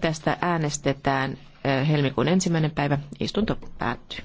Tästä äänestetään helmikuun ensimmäinen päivä. Istunto päättyy.